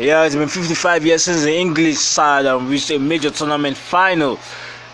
Yeah, it's been 55 years since the English side um, reached a major tournament final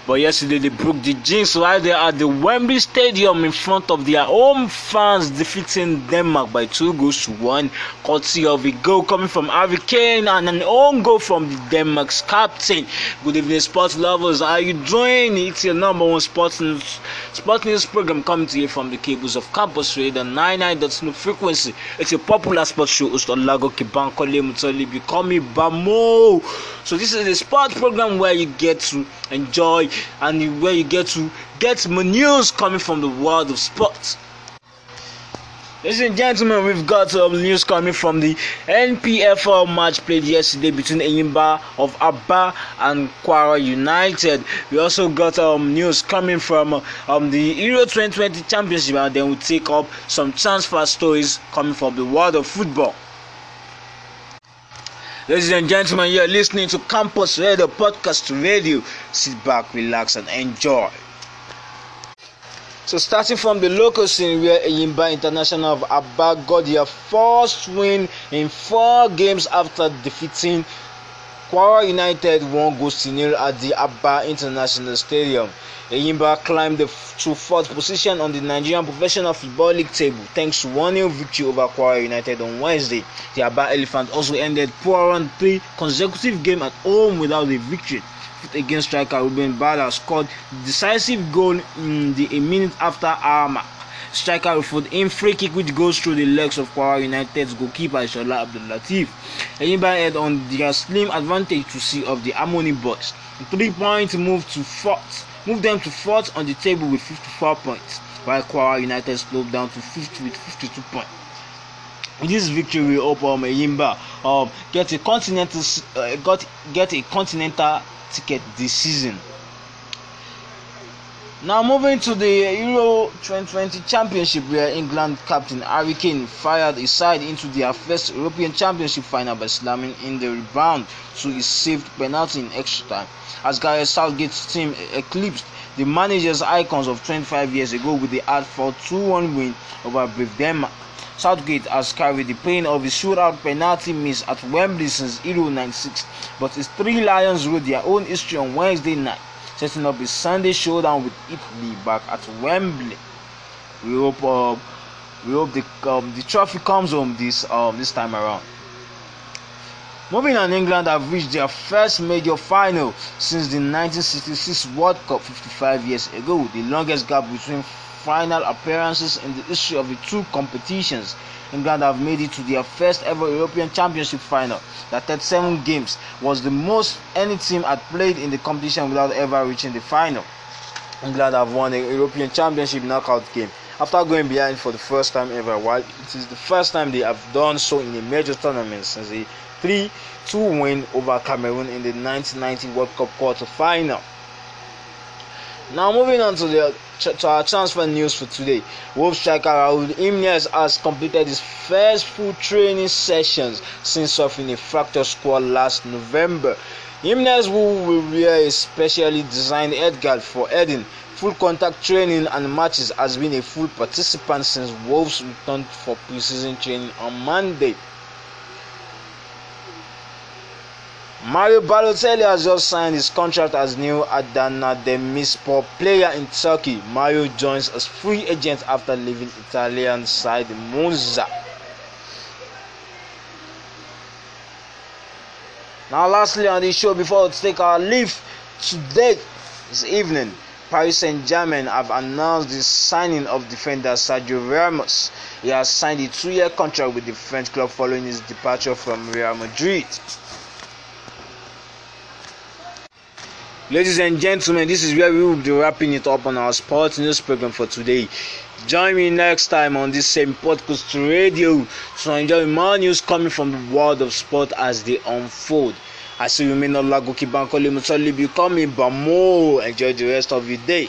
But yesterday they broke the jinx while they are at the Wembley Stadium in front of their home fans, defeating Denmark by two goals to one, courtesy of a goal coming from Harry Kane and an own goal from the Denmark's captain. Good evening, sports lovers. How are you doing? It's your number one sports news, sports news program coming to you from the cables of Campus Radio 99.0 frequency. It's a popular sports show host Lago Kibankole Mutoli Become Bamo. So this is a sports program where you get to enjoy and where you get to get news coming from the world of sports. Ladies and gentlemen, we've got uh, news coming from the NPFL match played yesterday between Enyimba of Abba and Kwara United. We also got um, news coming from um, the Euro 2020 Championship, and then we'll take up some transfer stories coming from the world of football. Ladies and gentlemen, you're listening to Campus Radio Podcast Radio. Sit back, relax, and enjoy. So, starting from the local scene, where Yimba International of Abba got their first win in four games after defeating Kwara United won goal nil at the Abba International Stadium. Enyimba climbed the to fourth position on the Nigerian Professional Football League table thanks to one 0 victory over Kwara United on Wednesday. The Abba Elephant also ended poor run three consecutive games at home without a victory. Fifth against striker Ruben Bada scored decisive goal in the a minute after hour striker referred in free kick which goes through the legs of Kwara United's goalkeeper Shola Abdullatif. Enyimba head on their slim advantage to see of the Harmony boys. Three points move to fourth, move them to fourth on the table with 54 points, while Kwara United slowed down to fifth with 52 points. this victory, will help um, Enyimba um, get a continental uh, got get a continental ticket this season. Now moving to the Euro 2020 Championship where England captain Harry Kane fired his side into their first European Championship final by slamming in the rebound to his saved penalty in extra time as Gareth Southgate's team eclipsed the manager's icons of 25 years ago with the hard-fought 2-1 win over Brave Denmark. Southgate has carried the pain of his shootout penalty miss at Wembley since Euro 96, but his three Lions wrote their own history on Wednesday night setting up a Sunday showdown with Italy back at Wembley. We hope uh, we hope the um, the trophy comes home this um, this time around. Moving on, England have reached their first major final since the 1966 World Cup 55 years ago, the longest gap between final appearances in the history of the two competitions. England have made it to their first ever European Championship final. The 37 games was the most any team had played in the competition without ever reaching the final. England have won a European Championship knockout game after going behind for the first time ever. While it is the first time they have done so in a major tournament since the 3 2 win over Cameroon in the 1990 World Cup quarter final. Now moving on to the to our transfer news for today. Wolves striker Raul Jimenez has completed his first full training sessions since suffering a fractured squad last November. Jimenez will wear a specially designed headguard for heading, full contact training and matches has been a full participant since Wolves returned for preseason training on Monday. Mario Balotelli has just signed his contract as new Adana Demirspor player in Turkey. Mario joins as free agent after leaving Italian side Monza. Now, lastly on this show, before we take our leave today, this evening, Paris Saint Germain have announced the signing of defender Sergio Ramos. He has signed a two year contract with the French club following his departure from Real Madrid. Ladies and gentlemen, this is where we will be wrapping it up on our sports news program for today. Join me next time on this same podcast radio to enjoy more news coming from the world of sport as they unfold. I see you may not like Gokibankole Mutoli becoming, but more enjoy the rest of your day.